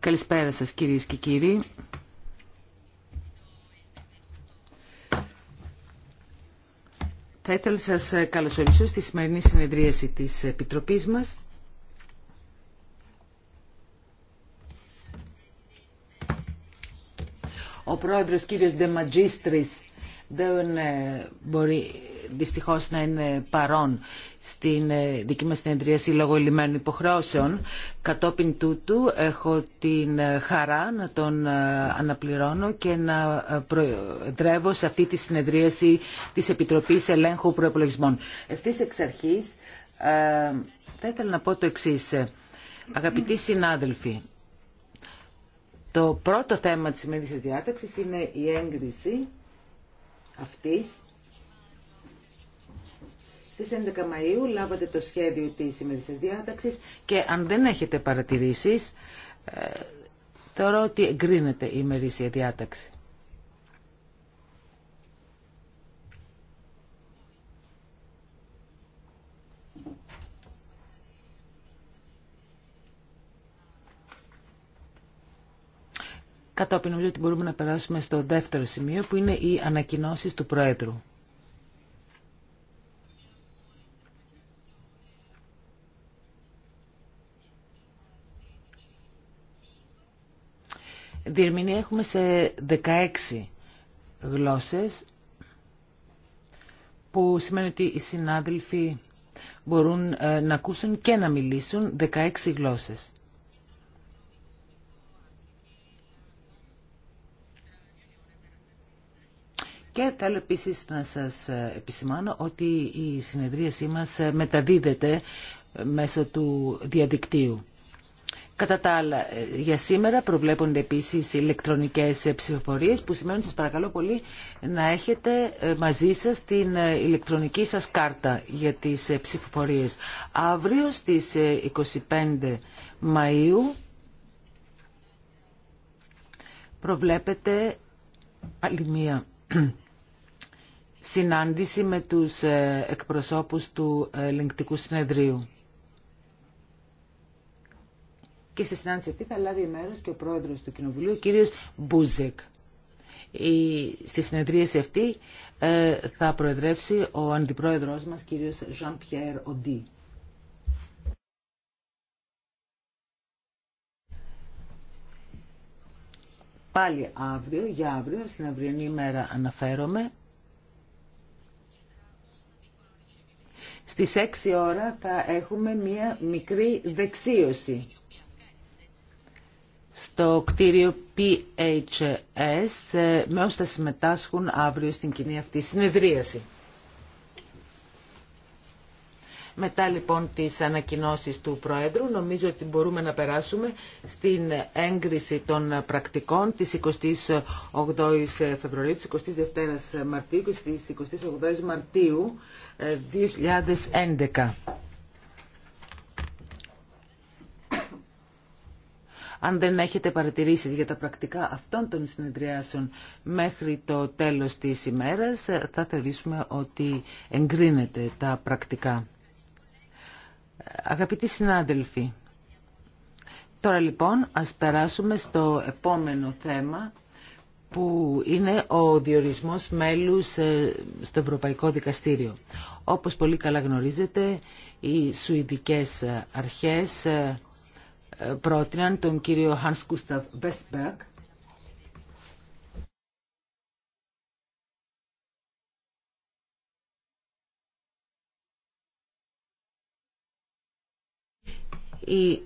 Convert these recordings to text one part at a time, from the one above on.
Καλησπέρα σας κυρίες και κύριοι. Θα ήθελα να καλωσορίσω στη σημερινή συνεδρίαση της επιτροπή μα. Ο πρόεδρος κύριος δεν ε, μπορεί Δυστυχώ να είναι παρόν στην ε, δική μα συνεδρίαση λόγω λιμένων υποχρεώσεων. Κατόπιν τούτου έχω την ε, χαρά να τον ε, αναπληρώνω και να προεδρεύω σε αυτή τη συνεδρίαση της επιτροπή Ελέγχου Προεπολογισμών. Ευθύ εξ αρχής θα ήθελα να πω το εξή. Αγαπητοί συνάδελφοι, το πρώτο θέμα της σημερινής διάταξης είναι η έγκριση αυτής στις 11 Μαΐου λάβατε το σχέδιο της σημερινής διάταξης και αν δεν έχετε παρατηρήσεις, ε, θεωρώ ότι εγκρίνεται η ημερήσια διάταξη. Κατόπιν νομίζω ότι μπορούμε να περάσουμε στο δεύτερο σημείο που είναι οι ανακοινώσεις του Πρόεδρου. ερμηνεία έχουμε σε 16 γλώσσες που σημαίνει ότι οι συνάδελφοι μπορούν ε, να ακούσουν και να μιλήσουν 16 γλώσσες. Και θέλω επίσης να σας ε, επισημάνω ότι η συνεδρίασή μας ε, μεταδίδεται μέσω του διαδικτύου. Κατά τα άλλα, ε, για σήμερα προβλέπονται επίσης ηλεκτρονικές ε, ψηφοφορίες που σημαίνουν σας παρακαλώ πολύ να έχετε ε, μαζί σας την ηλεκτρονική σας κάρτα για τις ψηφοφορίες. Αύριο στις 25 Μαΐου προβλέπεται άλλη μία συνάντηση με τους εκπροσώπους του ελεγκτικού συνεδρίου. Και στη συνάντηση αυτή θα λάβει μέρος και ο πρόεδρο του Κοινοβουλίου, ο κύριο Μπούζεκ. Στη συνεδρίαση αυτή ε, θα προεδρεύσει ο αντιπρόεδρο μα κύριο jean Οντί. Πάλι αύριο, για αύριο, στην αυριανή ημέρα αναφέρομαι. Στις 6 ώρα θα έχουμε μία μικρή δεξίωση στο κτίριο PHS ε, με όσους θα συμμετάσχουν αύριο στην κοινή αυτή συνεδρίαση. Μετά λοιπόν τις ανακοινώσεις του Προέδρου νομίζω ότι μπορούμε να περάσουμε στην έγκριση των πρακτικών της 28ης Φεβρουαρίου, της 22ης Μαρτίου και της 28ης Μαρτίου 2011. Ε, Αν δεν έχετε παρατηρήσεις για τα πρακτικά αυτών των συνεδριάσεων μέχρι το τέλος της ημέρας, θα θεωρήσουμε ότι εγκρίνεται τα πρακτικά. Αγαπητοί συνάδελφοι, τώρα λοιπόν ας περάσουμε στο επόμενο θέμα που είναι ο διορισμός μέλους ε, στο Ευρωπαϊκό Δικαστήριο. Όπως πολύ καλά γνωρίζετε, οι Σουηδικές ε, αρχές ε, πρότειναν τον κύριο Hans Gustav Westberg Η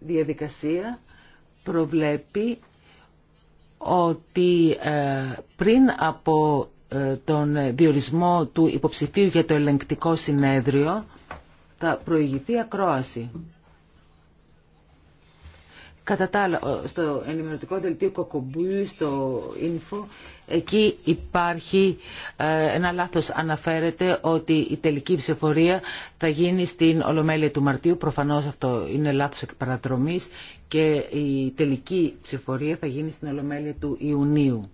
διαδικασία προβλέπει ότι ε, πριν από ε, τον διορισμό του υποψηφίου για το ελεγκτικό συνέδριο θα προηγηθεί ακρόαση. Κατά τα άλλα, στο ενημερωτικό δελτίο Κοκομπού, στο Info, εκεί υπάρχει ε, ένα λάθος. Αναφέρεται ότι η τελική ψηφορία θα γίνει στην Ολομέλεια του Μαρτίου. Προφανώς αυτό είναι λάθος εκ παραδρομής και η τελική ψηφορία θα γίνει στην Ολομέλεια του Ιουνίου.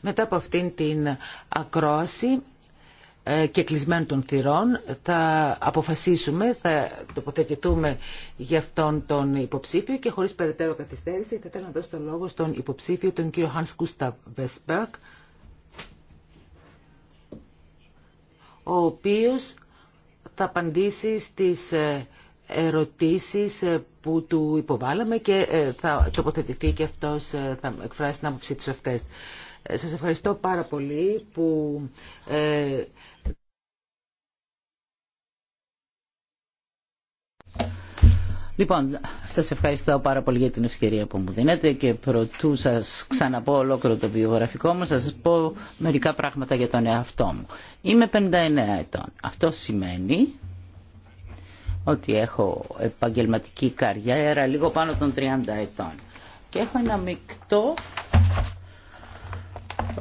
Μετά από αυτήν την ακρόαση ε, και κλεισμένων των θυρών θα αποφασίσουμε, θα τοποθετηθούμε για αυτόν τον υποψήφιο και χωρίς περαιτέρω καθυστέρηση θα ήθελα να δώσω το λόγο στον υποψήφιο τον κύριο Hans Gustav Westberg ο οποίος θα απαντήσει στις ε, ερωτήσεις ε, που του υποβάλαμε και θα τοποθετηθεί και αυτός θα εκφράσει την άποψή του αυτές. Σας ευχαριστώ πάρα πολύ που Λοιπόν, σας ευχαριστώ πάρα πολύ για την ευκαιρία που μου δίνετε και προτού σας ξαναπώ ολόκληρο το βιογραφικό μου, σας πω μερικά πράγματα για τον εαυτό μου. Είμαι 59 ετών. Αυτό σημαίνει ότι έχω επαγγελματική καριέρα λίγο πάνω των 30 ετών. Και έχω ένα μεικτό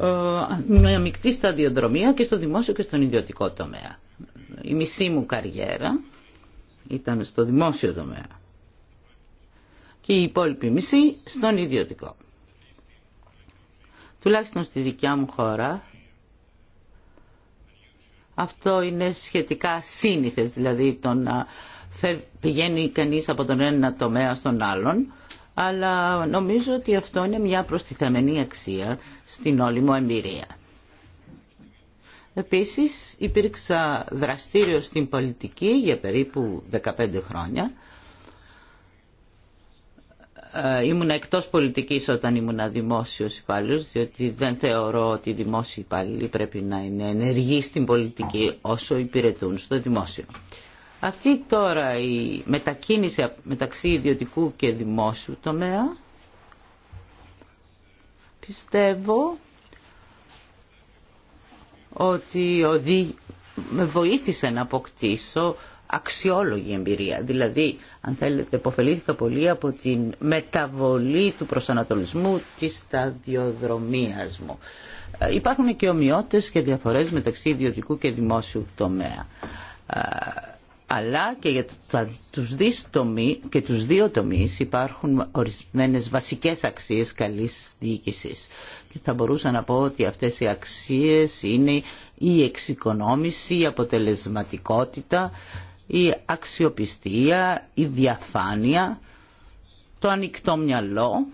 ε, μια μεικτή σταδιοδρομία και στο δημόσιο και στον ιδιωτικό τομέα. Η μισή μου καριέρα ήταν στο δημόσιο τομέα και η υπόλοιπη μισή στον ιδιωτικό. Τουλάχιστον στη δικιά μου χώρα αυτό είναι σχετικά σύνηθες, δηλαδή το να πηγαίνει κανείς από τον ένα τομέα στον άλλον, αλλά νομίζω ότι αυτό είναι μια προστιθαμένη αξία στην όλη μου εμπειρία. Επίσης υπήρξα δραστήριο στην πολιτική για περίπου 15 χρόνια ε, ήμουν εκτός πολιτικής όταν ήμουν δημόσιος υπάλληλος, διότι δεν θεωρώ ότι οι δημόσιοι υπάλληλοι πρέπει να είναι ενεργοί στην πολιτική όσο υπηρετούν στο δημόσιο. Αυτή τώρα η μετακίνηση μεταξύ ιδιωτικού και δημόσιου τομέα πιστεύω ότι με βοήθησε να αποκτήσω αξιόλογη εμπειρία. Δηλαδή, αν θέλετε, υποφελήθηκα πολύ από την μεταβολή του προσανατολισμού της σταδιοδρομίας μου. Ε, υπάρχουν και ομοιότητες και διαφορές μεταξύ ιδιωτικού και δημόσιου τομέα. Ε, αλλά και για τους και τους δύο τομείς υπάρχουν ορισμένες βασικές αξίες καλής διοίκησης. Και θα μπορούσα να πω ότι αυτές οι αξίες είναι η εξοικονόμηση, η αποτελεσματικότητα, η αξιοπιστία, η διαφάνεια, το ανοιχτό μυαλό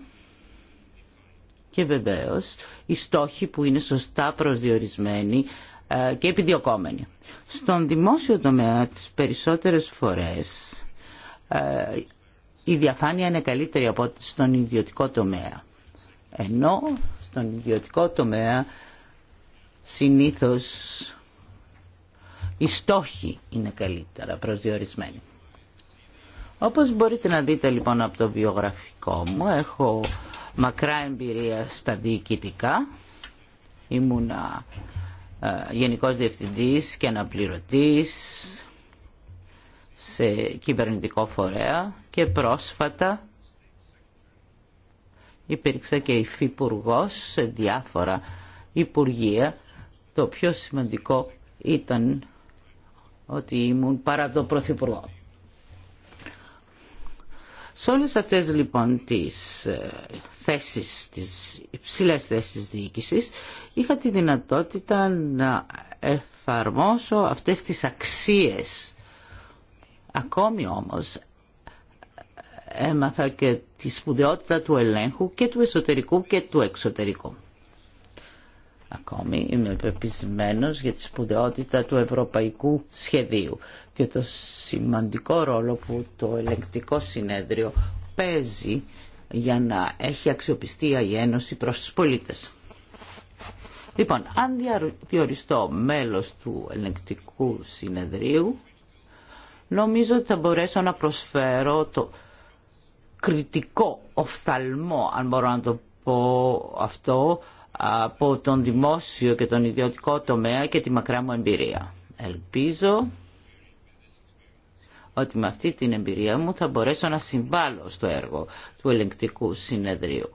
και βεβαίως οι στόχοι που είναι σωστά προσδιορισμένοι ε, και επιδιωκόμενοι. Στον δημόσιο τομέα τις περισσότερες φορές ε, η διαφάνεια είναι καλύτερη από στον ιδιωτικό τομέα. Ενώ στον ιδιωτικό τομέα συνήθως οι στόχοι είναι καλύτερα προσδιορισμένοι. Όπως μπορείτε να δείτε λοιπόν από το βιογραφικό μου, έχω μακρά εμπειρία στα διοικητικά. Ήμουνα ε, γενικός διευθυντής και αναπληρωτής σε κυβερνητικό φορέα και πρόσφατα υπήρξα και υφυπουργό σε διάφορα υπουργεία. Το πιο σημαντικό ήταν ότι ήμουν παρά το Πρωθυπουργό. Σε όλες αυτές λοιπόν τις ε, θέσεις, τις υψηλές θέσεις διοίκησης, είχα τη δυνατότητα να εφαρμόσω αυτές τις αξίες. Ακόμη όμως έμαθα και τη σπουδαιότητα του ελέγχου και του εσωτερικού και του εξωτερικού. Ακόμη είμαι πεπισμένος για τη σπουδαιότητα του ευρωπαϊκού σχεδίου και το σημαντικό ρόλο που το ελεγκτικό συνέδριο παίζει για να έχει αξιοπιστία η Ένωση προς τους πολίτες. Λοιπόν, αν διοριστώ μέλος του ελεγκτικού συνεδρίου, νομίζω ότι θα μπορέσω να προσφέρω το κριτικό οφθαλμό, αν μπορώ να το πω αυτό, από τον δημόσιο και τον ιδιωτικό τομέα και τη μακρά μου εμπειρία. Ελπίζω ότι με αυτή την εμπειρία μου θα μπορέσω να συμβάλλω στο έργο του ελεγκτικού συνεδρίου.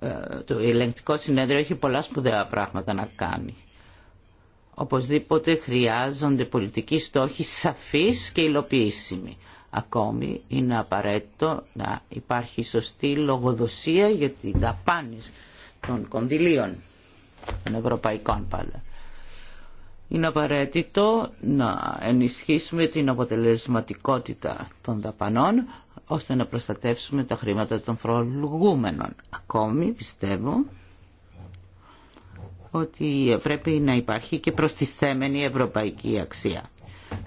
Ε, το ελεγκτικό συνέδριο έχει πολλά σπουδαία πράγματα να κάνει. Οπωσδήποτε χρειάζονται πολιτικοί στόχοι σαφείς και υλοποιήσιμοι. Ακόμη είναι απαραίτητο να υπάρχει σωστή λογοδοσία για την δαπάνη των κονδυλίων των ευρωπαϊκών πάλι. Είναι απαραίτητο να ενισχύσουμε την αποτελεσματικότητα των δαπανών ώστε να προστατεύσουμε τα χρήματα των φρολογούμενων. Ακόμη πιστεύω ότι πρέπει να υπάρχει και προστιθέμενη ευρωπαϊκή αξία.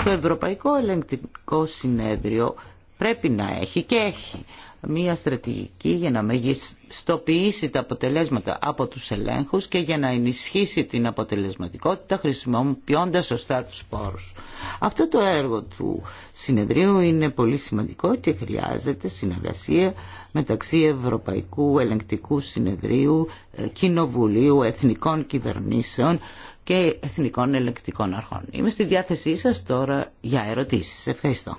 Το Ευρωπαϊκό Ελεγκτικό Συνέδριο πρέπει να έχει και έχει μία στρατηγική για να μεγιστοποιήσει τα αποτελέσματα από τους ελέγχους και για να ενισχύσει την αποτελεσματικότητα χρησιμοποιώντας σωστά τους πόρους. Αυτό το έργο του συνεδρίου είναι πολύ σημαντικό και χρειάζεται συνεργασία μεταξύ Ευρωπαϊκού Ελεγκτικού Συνεδρίου, ε, Κοινοβουλίου, Εθνικών Κυβερνήσεων, και εθνικών ελεκτικών αρχών. Είμαι στη διάθεσή σας τώρα για ερωτήσεις. Ευχαριστώ.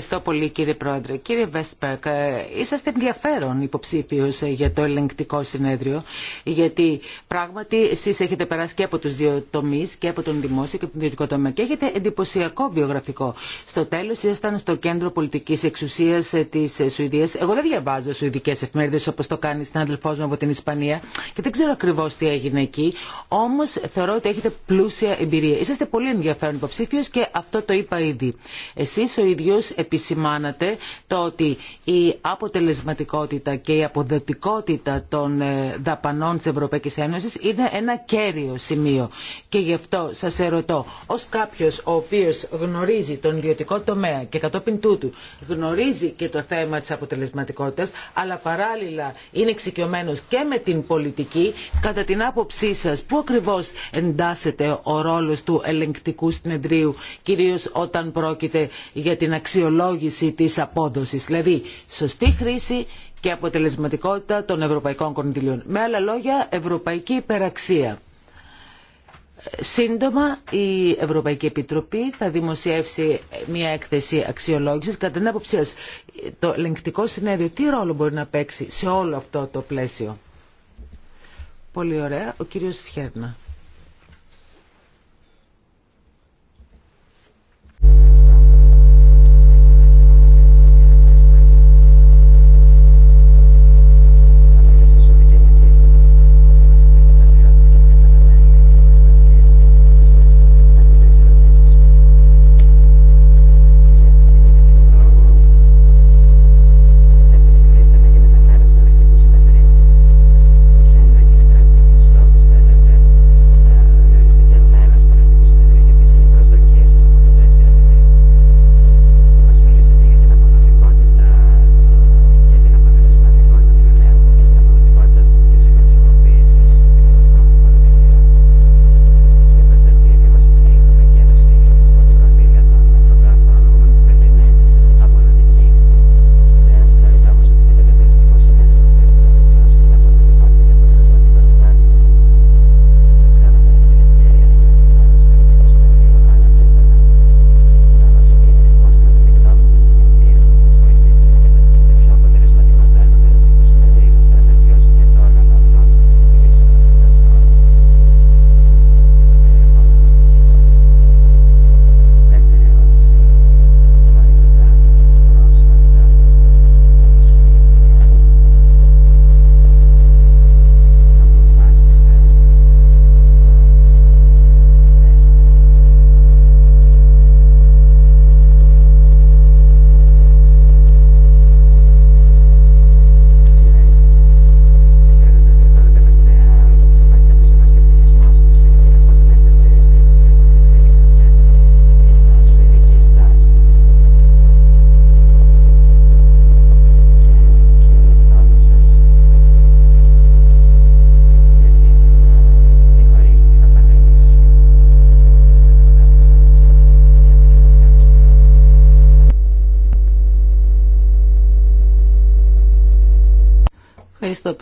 Ευχαριστώ πολύ κύριε Πρόεδρε. Κύριε Βέσπερκ, ε, είσαστε ενδιαφέρον υποψήφιος ε, για το ελεγκτικό συνέδριο, γιατί πράγματι εσείς έχετε περάσει και από τους δύο τομείς, και από τον δημόσιο και από τον ιδιωτικό τομέα και έχετε εντυπωσιακό βιογραφικό. Στο τέλος ήσασταν στο κέντρο πολιτικής εξουσίας ε, της Σουηδίας. Εγώ δεν διαβάζω σουηδικές εφημερίδες όπως το κάνει στην αδελφό μου από την Ισπανία και δεν ξέρω ακριβώς τι έγινε εκεί, όμως θεωρώ ότι έχετε πλούσια εμπειρία. Είσαστε πολύ ενδιαφέρον υποψήφιος και αυτό το είπα ήδη. Εσείς ο ίδιος επισημάνατε το ότι η αποτελεσματικότητα και η αποδοτικότητα των ε, δαπανών της Ευρωπαϊκής Ένωσης είναι ένα κέριο σημείο. Και γι' αυτό σας ερωτώ, ως κάποιος ο οποίος γνωρίζει τον ιδιωτικό τομέα και κατόπιν τούτου γνωρίζει και το θέμα της αποτελεσματικότητας, αλλά παράλληλα είναι εξοικειωμένο και με την πολιτική, κατά την άποψή σας, πού ακριβώς εντάσσεται ο ρόλος του ελεγκτικού συνεδρίου, κυρίως όταν πρόκειται για την αξιολόγηση αξιολόγηση της απόδοσης, δηλαδή σωστή χρήση και αποτελεσματικότητα των ευρωπαϊκών κονδυλίων. Με άλλα λόγια, ευρωπαϊκή υπεραξία. Σύντομα, η Ευρωπαϊκή Επιτροπή θα δημοσιεύσει μια έκθεση αξιολόγησης. Κατά την άποψή το ελεγκτικό συνέδριο τι ρόλο μπορεί να παίξει σε όλο αυτό το πλαίσιο. Πολύ ωραία. Ο κύριος Φιέρνα.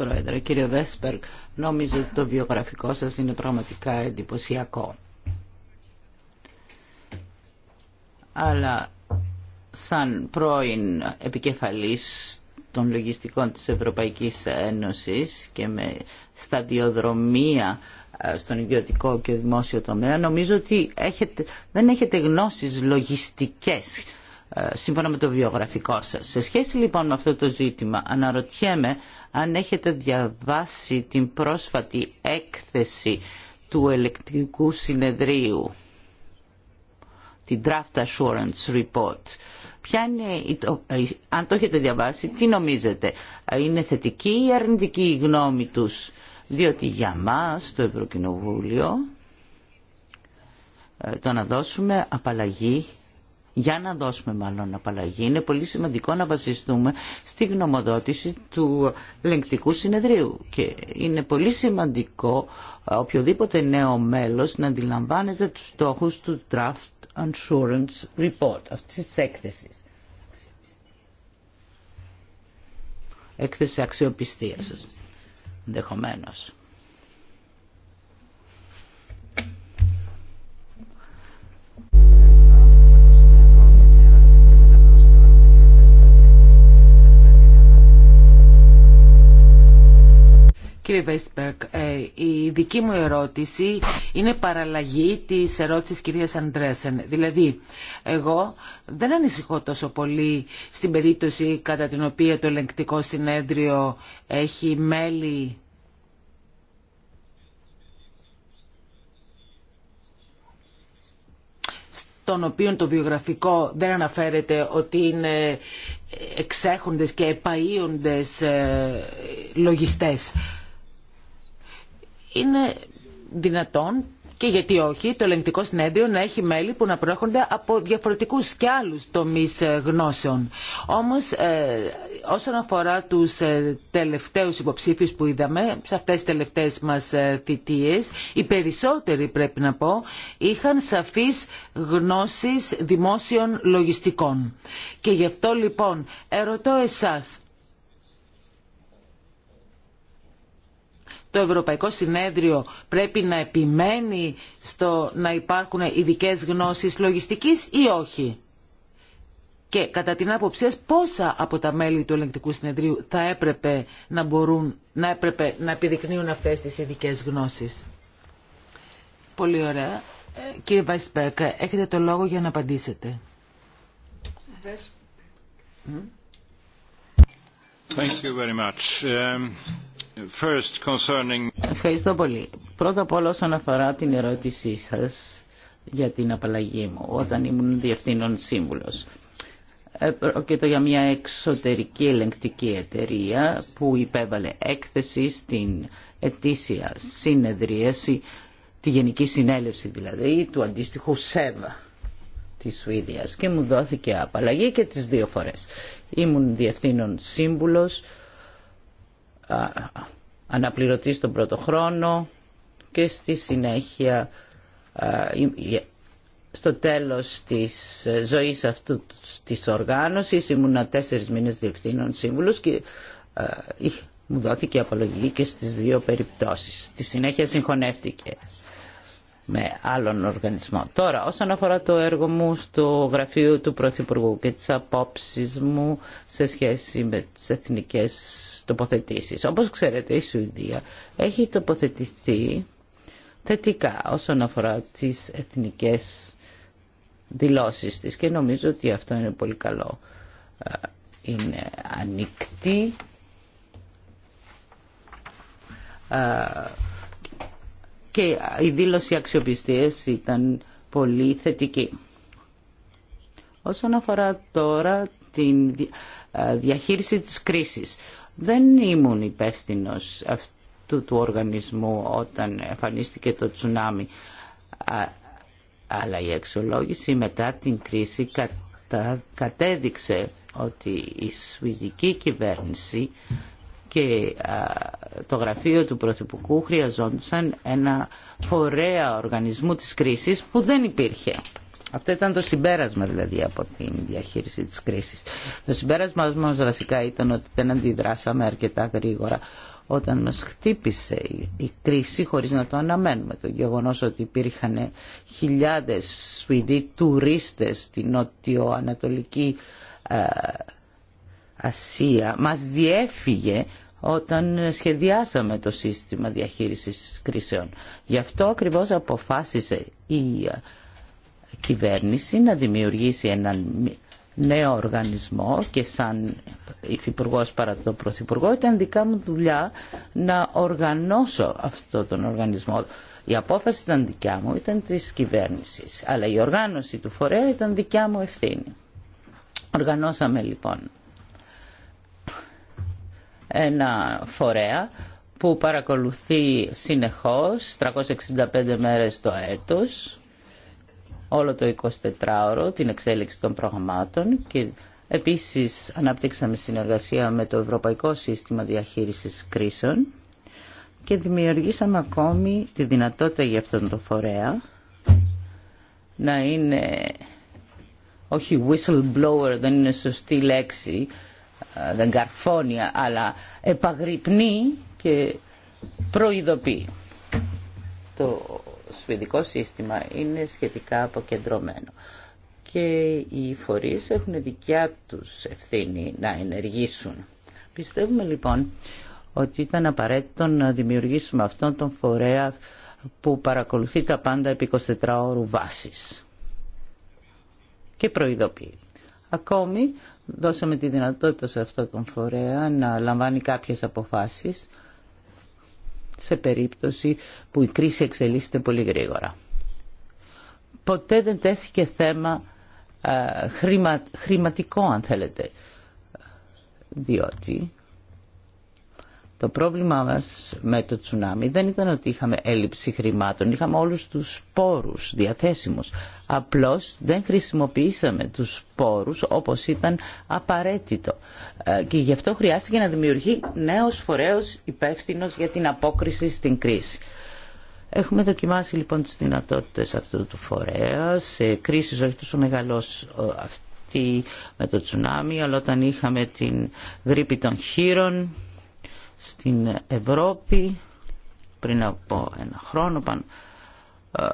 Πρόεδρε. Κύριε Βέσπερκ, νόμιζω ότι το βιογραφικό σας είναι πραγματικά εντυπωσιακό. Αλλά σαν πρώην επικεφαλής των λογιστικών της Ευρωπαϊκής Ένωσης και με σταδιοδρομία ε, στον ιδιωτικό και δημόσιο τομέα, νομίζω ότι δεν έχετε γνώσεις λογιστικές σύμφωνα με το βιογραφικό σας. Σε σχέση λοιπόν με αυτό το ζήτημα αναρωτιέμαι αν έχετε διαβάσει την πρόσφατη έκθεση του ελεκτρικού συνεδρίου, την Draft Assurance Report. Ποια είναι, ε, αν το έχετε διαβάσει, τι νομίζετε, ε, είναι θετική ή αρνητική η γνώμη τους, διότι για μας το Ευρωκοινοβούλιο ε, το να δώσουμε απαλλαγή για να δώσουμε μάλλον απαλλαγή, είναι πολύ σημαντικό να βασιστούμε στη γνωμοδότηση του λεγκτικού συνεδρίου. Και είναι πολύ σημαντικό οποιοδήποτε νέο μέλος να αντιλαμβάνεται τους στόχους του Draft Insurance Report, αυτής της έκθεσης. Έκθεση αξιοπιστίας, ενδεχομένως. Κύριε Βέσπερκ, ε, η δική μου ερώτηση είναι παραλλαγή της ερώτησης κυρίας Αντρέσεν. Δηλαδή, εγώ δεν ανησυχώ τόσο πολύ στην περίπτωση κατά την οποία το ελεγκτικό συνέδριο έχει μέλη ...στον οποίο το βιογραφικό δεν αναφέρεται ότι είναι εξέχοντες και επαΐοντες ε, λογιστές είναι δυνατόν και γιατί όχι το ελεγκτικό συνέδριο να έχει μέλη που να προέρχονται από διαφορετικούς και άλλους τομείς ε, γνώσεων. Όμως ε, όσον αφορά τους ε, τελευταίους υποψήφιους που είδαμε σε αυτές τις τελευταίες μας θητείες οι περισσότεροι πρέπει να πω είχαν σαφείς γνώσεις δημόσιων λογιστικών. Και γι' αυτό λοιπόν ερωτώ εσάς το Ευρωπαϊκό Συνέδριο πρέπει να επιμένει στο να υπάρχουν ειδικέ γνώσεις λογιστικής ή όχι. Και κατά την άποψή σας πόσα από τα μέλη του ελεγκτικού συνεδρίου θα έπρεπε να μπορούν να, έπρεπε να επιδεικνύουν αυτές τις ειδικέ γνώσεις. Πολύ ωραία. Ε, κύριε Βαϊσπέρκα, έχετε το λόγο για να απαντήσετε. Ευχαριστώ πολύ. Πρώτα απ' όλα όσον αφορά την ερώτησή σας για την απαλλαγή μου όταν ήμουν διευθύνων σύμβουλος. Ε, πρόκειται για μια εξωτερική ελεγκτική εταιρεία που υπέβαλε έκθεση στην ετήσια συνεδρίαση, τη Γενική Συνέλευση δηλαδή, του αντίστοιχου ΣΕΒΑ της Σουηδίας και μου δόθηκε απαλλαγή και τις δύο φορές. Ήμουν διευθύνων σύμβουλος αναπληρωτή στον πρώτο χρόνο και στη συνέχεια στο τέλος της ε, ζωής αυτού της οργάνωσης ήμουνα τέσσερις μήνες διευθύνων σύμβουλος και μου δόθηκε απολογή και στις δύο περιπτώσεις. Στη συνέχεια συγχωνεύτηκε με άλλον οργανισμό. Τώρα, όσον αφορά το έργο μου στο γραφείο του Πρωθυπουργού και τις απόψεις μου σε σχέση με τις εθνικές τοποθετήσεις. Όπως ξέρετε, η Σουηδία έχει τοποθετηθεί θετικά όσον αφορά τις εθνικές δηλώσεις της και νομίζω ότι αυτό είναι πολύ καλό. Ε, είναι ανοιχτή ε, και η δήλωση αξιοπιστίας ήταν πολύ θετική. Όσον αφορά τώρα την διαχείριση της κρίσης, δεν ήμουν υπεύθυνο αυτού του οργανισμού όταν εμφανίστηκε το τσουνάμι, αλλά η αξιολόγηση μετά την κρίση κατέδειξε ότι η σουηδική κυβέρνηση και το γραφείο του Πρωθυπουργού χρειαζόντουσαν ένα φορέα οργανισμού της κρίσης που δεν υπήρχε. Αυτό ήταν το συμπέρασμα δηλαδή από την διαχείριση της κρίσης. Το συμπέρασμα μας βασικά ήταν ότι δεν αντιδράσαμε αρκετά γρήγορα όταν μας χτύπησε η κρίση χωρίς να το αναμένουμε. Το γεγονός ότι υπήρχαν χιλιάδες Σουηδοί τουρίστες στη νότιο-ανατολική Ασία μας διέφυγε όταν σχεδιάσαμε το σύστημα διαχείρισης κρίσεων. Γι' αυτό ακριβώς αποφάσισε η ε, κυβέρνηση να δημιουργήσει έναν νέο οργανισμό και σαν υφυπουργό παρά το πρωθυπουργό ήταν δικά μου δουλειά να οργανώσω αυτό τον οργανισμό. Η απόφαση ήταν δικιά μου, ήταν της κυβέρνησης, αλλά η οργάνωση του φορέα ήταν δικιά μου ευθύνη. Οργανώσαμε λοιπόν ένα φορέα που παρακολουθεί συνεχώς 365 μέρες το έτος όλο το 24ωρο την εξέλιξη των προγραμμάτων και επίσης αναπτύξαμε συνεργασία με το Ευρωπαϊκό Σύστημα Διαχείρισης Κρίσεων και δημιουργήσαμε ακόμη τη δυνατότητα για αυτόν τον φορέα να είναι όχι whistleblower δεν είναι σωστή λέξη ε, δεν καρφώνει αλλά επαγρυπνεί και προειδοποιεί. Το σφυδικό σύστημα είναι σχετικά αποκεντρωμένο και οι φορείς έχουν δικιά τους ευθύνη να ενεργήσουν. Πιστεύουμε λοιπόν ότι ήταν απαραίτητο να δημιουργήσουμε αυτόν τον φορέα που παρακολουθεί τα πάντα επί 24 ώρου βάσης και προειδοποιεί. Ακόμη δώσαμε τη δυνατότητα σε αυτό τον φορέα να λαμβάνει κάποιες αποφάσεις σε περίπτωση που η κρίση εξελίσσεται πολύ γρήγορα. Ποτέ δεν τέθηκε θέμα χρηματικό αν θέλετε διότι το πρόβλημά μας με το τσουνάμι δεν ήταν ότι είχαμε έλλειψη χρημάτων, είχαμε όλους τους πόρους διαθέσιμους. Απλώς δεν χρησιμοποιήσαμε τους πόρους όπως ήταν απαραίτητο. Ε, και γι' αυτό χρειάστηκε να δημιουργεί νέος φορέος υπεύθυνο για την απόκριση στην κρίση. Έχουμε δοκιμάσει λοιπόν τις δυνατότητες αυτού του φορέα σε κρίσεις όχι τόσο μεγαλός αυτή με το τσουνάμι, αλλά όταν είχαμε την γρήπη των χείρων, στην Ευρώπη πριν από ένα χρόνο παν, ε,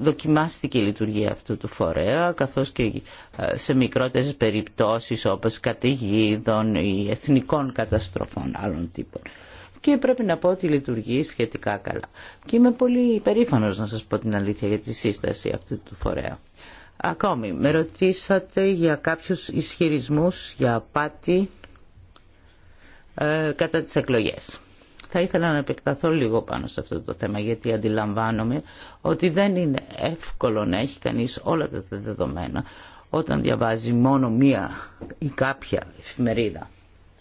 δοκιμάστηκε η λειτουργία αυτού του φορέα καθώς και ε, σε μικρότερες περιπτώσεις όπως καταιγίδων ή εθνικών καταστροφών άλλων τύπων και πρέπει να πω ότι λειτουργεί σχετικά καλά. Και είμαι πολύ περήφανος να σας πω την αλήθεια για τη σύσταση αυτού του φορέα. Ακόμη, με ρωτήσατε για κάποιους ισχυρισμούς για πάτη ε, κατά τις εκλογές. Θα ήθελα να επεκταθώ λίγο πάνω σε αυτό το θέμα γιατί αντιλαμβάνομαι ότι δεν είναι εύκολο να έχει κανείς όλα τα δεδομένα όταν διαβάζει μόνο μία ή κάποια εφημερίδα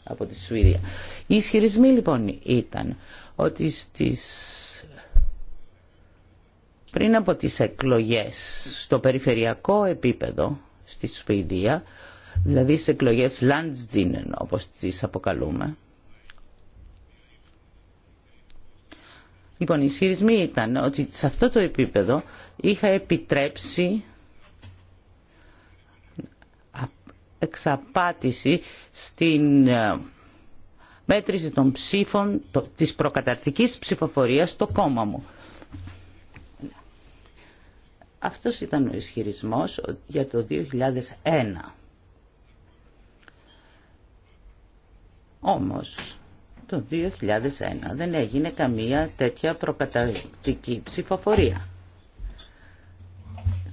από τη Σουηδία. Οι ισχυρισμοί λοιπόν ήταν ότι στις... πριν από τις εκλογές στο περιφερειακό επίπεδο στη Σουηδία δηλαδή σε εκλογές Landsdienen όπως τις αποκαλούμε. Λοιπόν, οι ισχυρισμοί ήταν ότι σε αυτό το επίπεδο είχα επιτρέψει εξαπάτηση στην ε, μέτρηση των ψήφων της προκαταρτικής ψηφοφορίας στο κόμμα μου. Αυτός ήταν ο ισχυρισμός για το 2001. Όμως το 2001 δεν έγινε καμία τέτοια προκαταρκτική ψηφοφορία.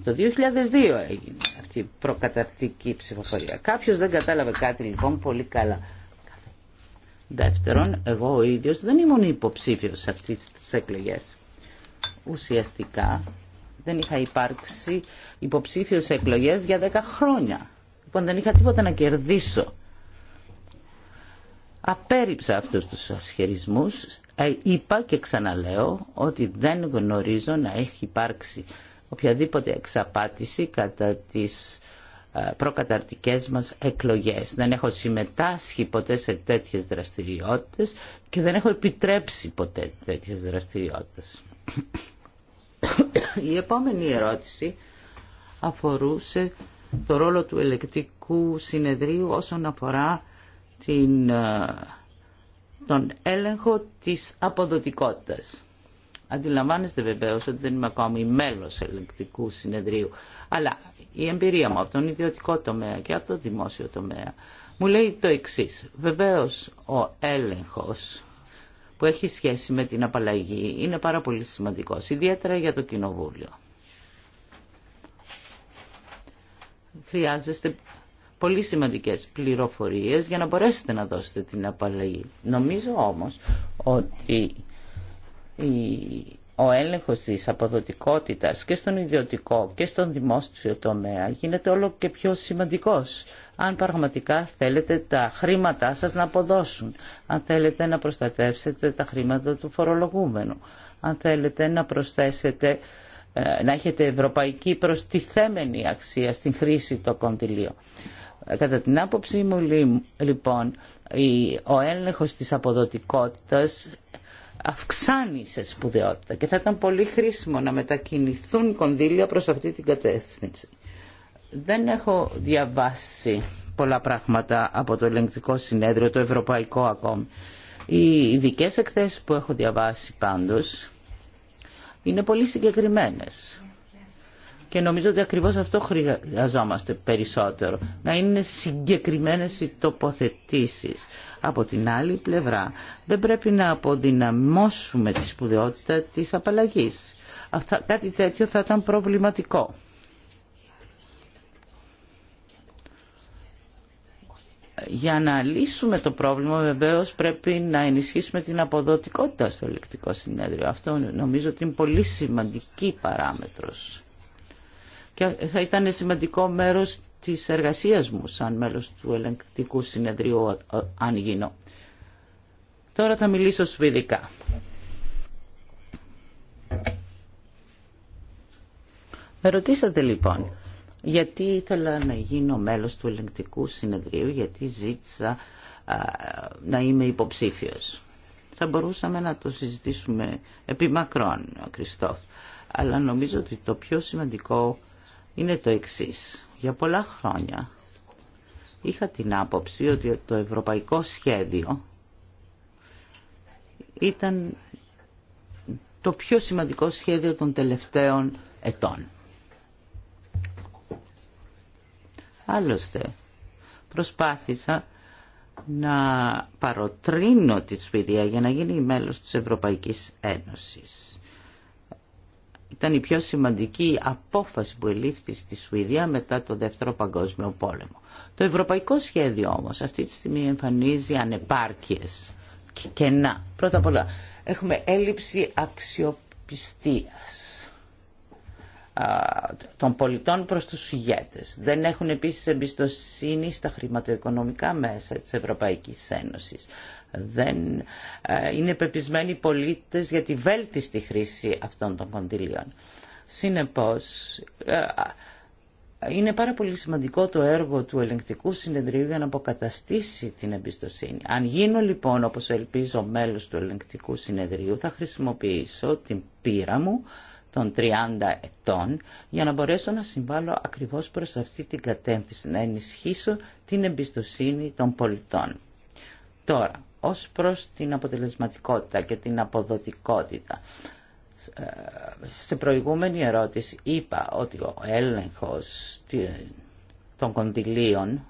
Το 2002 έγινε αυτή η προκαταρκτική ψηφοφορία. Κάποιος δεν κατάλαβε κάτι λοιπόν πολύ καλά. Δεύτερον, εγώ ο ίδιος δεν ήμουν υποψήφιος σε αυτές τις εκλογές. Ουσιαστικά δεν είχα υπάρξει υποψήφιος σε εκλογές για 10 χρόνια. Λοιπόν, δεν είχα τίποτα να κερδίσω απέρριψα αυτούς τους ασχερισμούς. Ε, είπα και ξαναλέω ότι δεν γνωρίζω να έχει υπάρξει οποιαδήποτε εξαπάτηση κατά τις ε, προκαταρτικές μας εκλογές. Δεν έχω συμμετάσχει ποτέ σε τέτοιες δραστηριότητες και δεν έχω επιτρέψει ποτέ τέτοιες δραστηριότητες. Η επόμενη ερώτηση αφορούσε το ρόλο του ελεκτικού συνεδρίου όσον αφορά την, ε, τον έλεγχο της αποδοτικότητας. Αντιλαμβάνεστε βεβαίως ότι δεν είμαι ακόμη μέλος ελεγκτικού συνεδρίου, αλλά η εμπειρία μου από τον ιδιωτικό τομέα και από το δημόσιο τομέα μου λέει το εξής. Βεβαίως ο έλεγχος που έχει σχέση με την απαλλαγή είναι πάρα πολύ σημαντικός, ιδιαίτερα για το κοινοβούλιο. Χρειάζεστε πολύ σημαντικές πληροφορίες για να μπορέσετε να δώσετε την απαλλαγή. Νομίζω όμως ότι ο έλεγχος της αποδοτικότητας και στον ιδιωτικό και στον δημόσιο τομέα γίνεται όλο και πιο σημαντικός. Αν πραγματικά θέλετε τα χρήματά σας να αποδώσουν, αν θέλετε να προστατεύσετε τα χρήματα του φορολογούμενου, αν θέλετε να προσθέσετε ε, να έχετε ευρωπαϊκή προστιθέμενη αξία στην χρήση των κοντιλίων. Κατά την άποψή μου λοιπόν ο έλεγχος της αποδοτικότητας αυξάνει σε σπουδαιότητα και θα ήταν πολύ χρήσιμο να μετακινηθούν κονδύλια προς αυτή την κατεύθυνση. Δεν έχω διαβάσει πολλά πράγματα από το ελεγκτικό συνέδριο, το ευρωπαϊκό ακόμη. Οι ειδικέ εκθέσεις που έχω διαβάσει πάντως είναι πολύ συγκεκριμένες και νομίζω ότι ακριβώς αυτό χρειαζόμαστε περισσότερο. Να είναι συγκεκριμένες οι τοποθετήσεις. Από την άλλη πλευρά δεν πρέπει να αποδυναμώσουμε τη σπουδαιότητα της απαλλαγής. Αυτά, κάτι τέτοιο θα ήταν προβληματικό. Για να λύσουμε το πρόβλημα βεβαίω πρέπει να ενισχύσουμε την αποδοτικότητα στο ελεκτικό συνέδριο. Αυτό νομίζω ότι είναι πολύ σημαντική παράμετρος και θα ήταν σημαντικό μέρος της εργασίας μου σαν μέλος του ελεγκτικού συνεδρίου ε, ε, αν γίνω. Τώρα θα μιλήσω σβηδικά. Με ρωτήσατε λοιπόν γιατί ήθελα να γίνω μέλος του ελεγκτικού συνεδρίου, γιατί ζήτησα να είμαι υποψήφιος. Θα μπορούσαμε να το συζητήσουμε επί μακρόν, Κριστόφ. Αλλά νομίζω ότι το πιο σημαντικό είναι το εξής. Για πολλά χρόνια είχα την άποψη ότι το ευρωπαϊκό σχέδιο ήταν το πιο σημαντικό σχέδιο των τελευταίων ετών. Άλλωστε, προσπάθησα να παροτρύνω τη Σουηδία για να γίνει μέλος της Ευρωπαϊκής Ένωσης ήταν η πιο σημαντική απόφαση που ελήφθη στη Σουηδία μετά το Δεύτερο Παγκόσμιο Πόλεμο. Το ευρωπαϊκό σχέδιο όμως αυτή τη στιγμή εμφανίζει ανεπάρκειες και κενά. Πρώτα απ' όλα έχουμε έλλειψη αξιοπιστίας των πολιτών προς τους ηγέτες. Δεν έχουν επίσης εμπιστοσύνη στα χρηματοοικονομικά μέσα της Ευρωπαϊκής Ένωσης δεν ε, είναι πεπισμένοι οι πολίτες για τη βέλτιστη χρήση αυτών των κοντιλίων Συνεπώς, ε, ε, είναι πάρα πολύ σημαντικό το έργο του ελεγκτικού συνεδρίου για να αποκαταστήσει την εμπιστοσύνη. Αν γίνω λοιπόν, όπως ελπίζω, μέλος του ελεγκτικού συνεδρίου, θα χρησιμοποιήσω την πείρα μου των 30 ετών για να μπορέσω να συμβάλλω ακριβώς προς αυτή την κατεύθυνση, να ενισχύσω την εμπιστοσύνη των πολιτών. Τώρα, ως προς την αποτελεσματικότητα και την αποδοτικότητα. Ε, σε προηγούμενη ερώτηση είπα ότι ο έλεγχος των κονδυλίων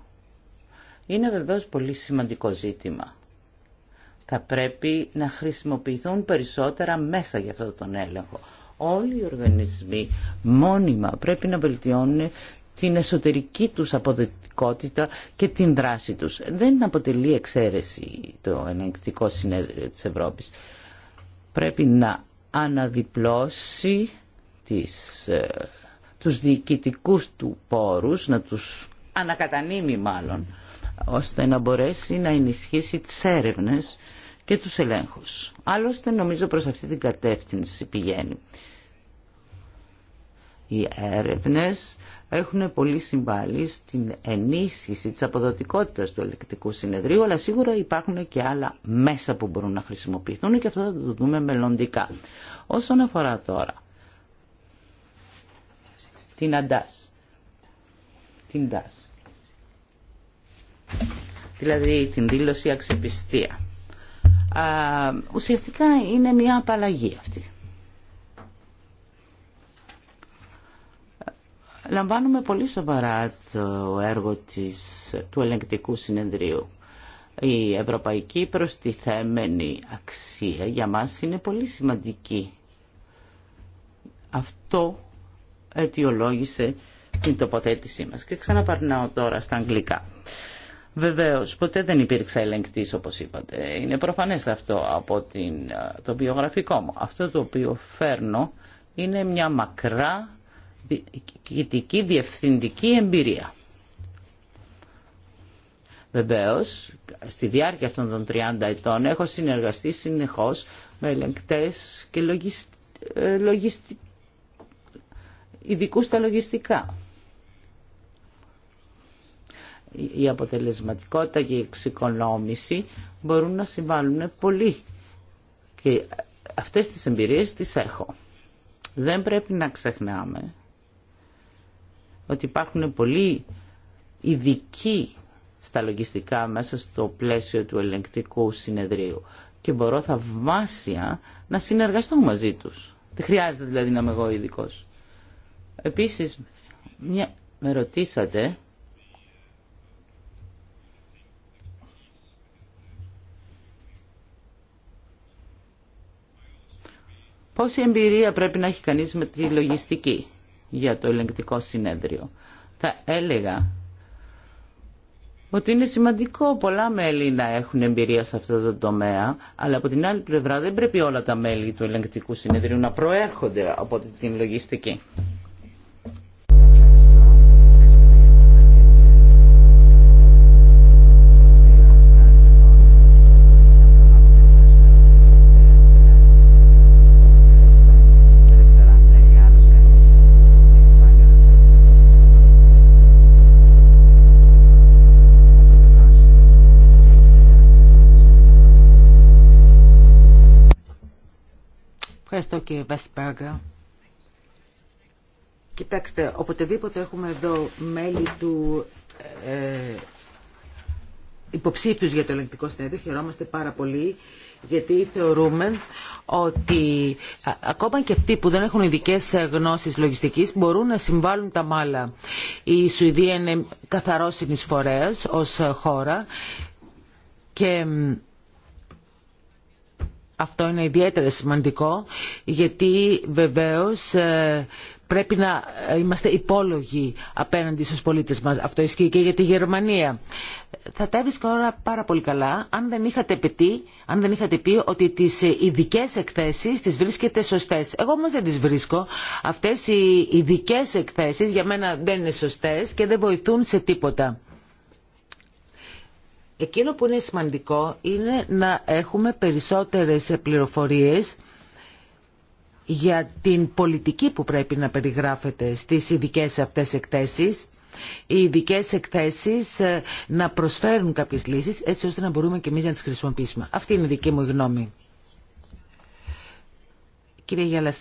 είναι βεβαίως πολύ σημαντικό ζήτημα. Θα πρέπει να χρησιμοποιηθούν περισσότερα μέσα για αυτόν τον έλεγχο. Όλοι οι οργανισμοί μόνιμα πρέπει να βελτιώνουν την εσωτερική τους αποδεκτικότητα και την δράση τους. Δεν αποτελεί εξαίρεση το ενεγκτικό συνέδριο της Ευρώπης. Πρέπει να αναδιπλώσει τις, ε, τους διοικητικούς του πόρους, να τους ανακατανείμει μάλλον, ώστε να μπορέσει να ενισχύσει τις έρευνες και τους ελέγχους. Άλλωστε νομίζω προς αυτή την κατεύθυνση πηγαίνει. Οι έρευνες έχουν πολύ συμβάλει στην ενίσχυση της αποδοτικότητας του ελεκτικού συνεδρίου, αλλά σίγουρα υπάρχουν και άλλα μέσα που μπορούν να χρησιμοποιηθούν και αυτό θα το δούμε μελλοντικά. Όσον αφορά τώρα την αντάσ, την ντάς, δηλαδή την δήλωση αξιοπιστία, ουσιαστικά είναι μια απαλλαγή αυτή. Λαμβάνουμε πολύ σοβαρά το έργο της, του ελεγκτικού συνεδρίου. Η ευρωπαϊκή προστιθέμενη αξία για μας είναι πολύ σημαντική. Αυτό αιτιολόγησε την τοποθέτησή μας. Και ξαναπαρνάω τώρα στα αγγλικά. Βεβαίω, ποτέ δεν υπήρξα ελεγκτή όπω είπατε. Είναι προφανέ αυτό από την, το βιογραφικό μου. Αυτό το οποίο φέρνω είναι μια μακρά διοικητική διευθυντική εμπειρία. Βεβαίως, στη διάρκεια αυτών των 30 ετών έχω συνεργαστεί συνεχώς με ελεγκτές και ε, λογιστικούς ειδικού στα λογιστικά. Η αποτελεσματικότητα και η εξοικονόμηση μπορούν να συμβάλλουν πολύ και αυτές τις εμπειρίες τις έχω. Δεν πρέπει να ξεχνάμε ότι υπάρχουν πολλοί ειδικοί στα λογιστικά μέσα στο πλαίσιο του ελεγκτικού συνεδρίου και μπορώ θαυμάσια να συνεργαστώ μαζί τους. Δεν χρειάζεται δηλαδή να είμαι εγώ ειδικό. Επίσης, μια... με ρωτήσατε πόση εμπειρία πρέπει να έχει κανείς με τη λογιστική για το ελεγκτικό συνέδριο. Θα έλεγα ότι είναι σημαντικό πολλά μέλη να έχουν εμπειρία σε αυτό το τομέα, αλλά από την άλλη πλευρά δεν πρέπει όλα τα μέλη του ελεγκτικού συνεδρίου να προέρχονται από την λογιστική. Ευχαριστώ κύριε Βέσπεργα. Κοιτάξτε, οποτεδήποτε έχουμε εδώ μέλη του ε, υποψήφιους για το ελεγκτικό συνέδριο, χαιρόμαστε πάρα πολύ γιατί θεωρούμε ότι ακόμα και αυτοί που δεν έχουν ειδικέ γνώσεις λογιστικής μπορούν να συμβάλλουν τα μάλα. Η Σουηδία είναι καθαρός συνεισφορέας ως χώρα και αυτό είναι ιδιαίτερα σημαντικό γιατί βεβαίως ε, πρέπει να ε, είμαστε υπόλογοι απέναντι στους πολίτες μας. Αυτό ισχύει και για τη Γερμανία. Θα τα έβρισκα ώρα πάρα πολύ καλά αν δεν είχατε πει, αν δεν είχατε πει ότι τις ειδικέ εκθέσεις τις βρίσκετε σωστές. Εγώ όμως δεν τις βρίσκω. Αυτές οι ειδικέ εκθέσεις για μένα δεν είναι σωστές και δεν βοηθούν σε τίποτα. Εκείνο που είναι σημαντικό είναι να έχουμε περισσότερες πληροφορίες για την πολιτική που πρέπει να περιγράφεται στις ειδικέ αυτές εκθέσεις. Οι ειδικέ εκθέσεις ε, να προσφέρουν κάποιες λύσεις έτσι ώστε να μπορούμε και εμείς να τις χρησιμοποιήσουμε. Αυτή είναι η δική μου γνώμη. Κύριε Γιάλα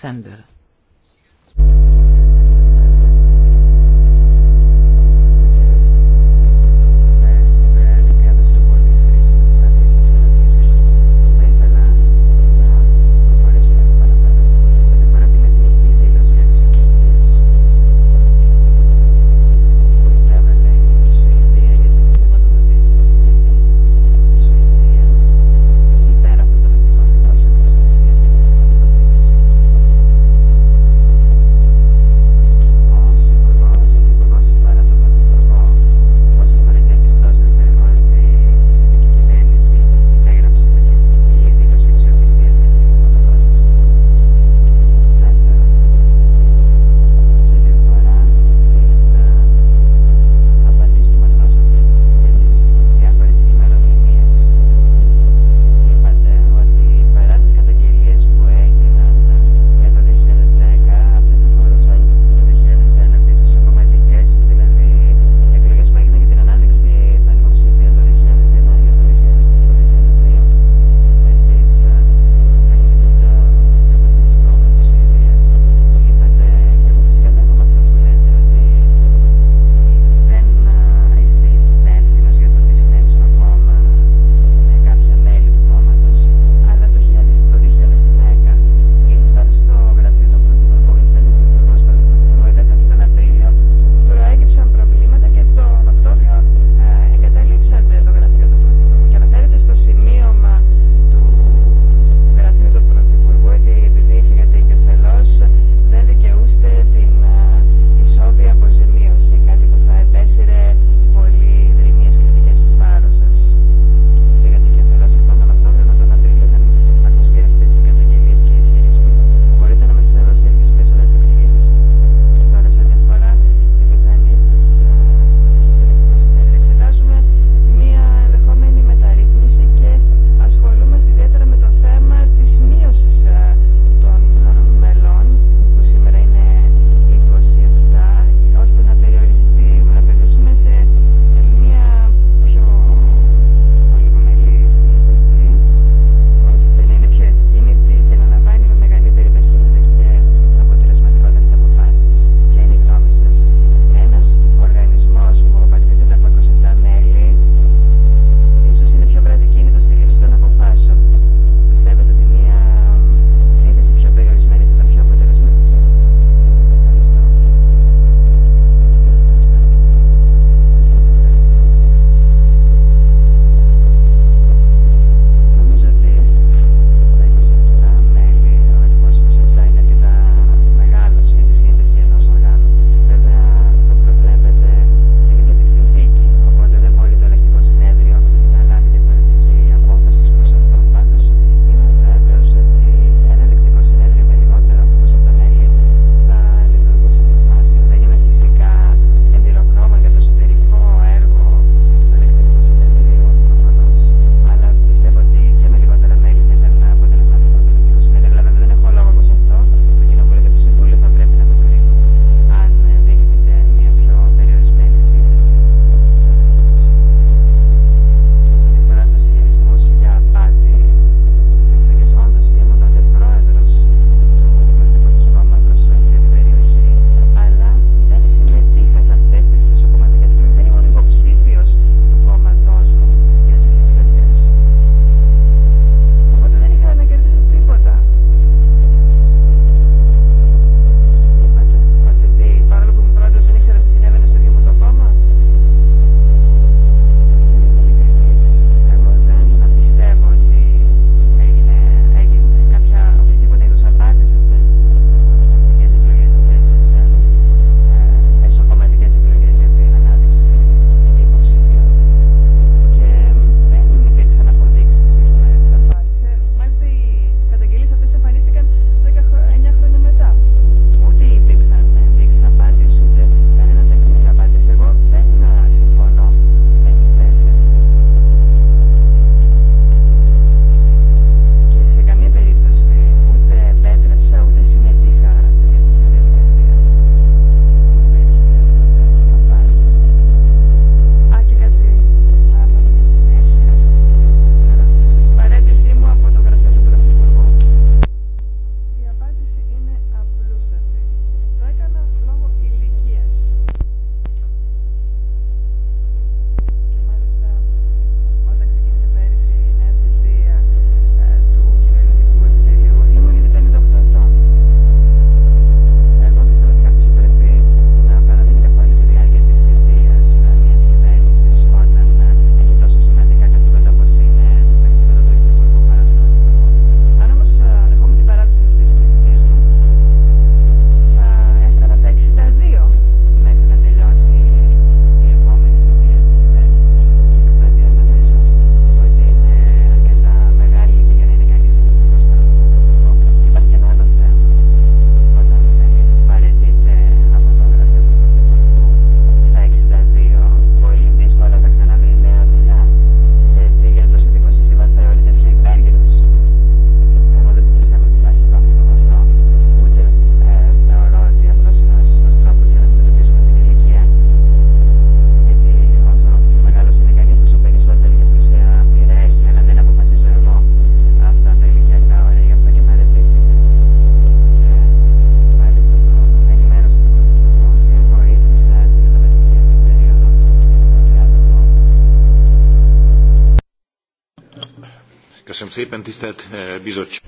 szépen, tisztelt bizottság!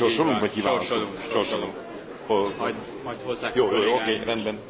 Sor, sorunk, vagy kívánok? Jó, jó, oké, rendben.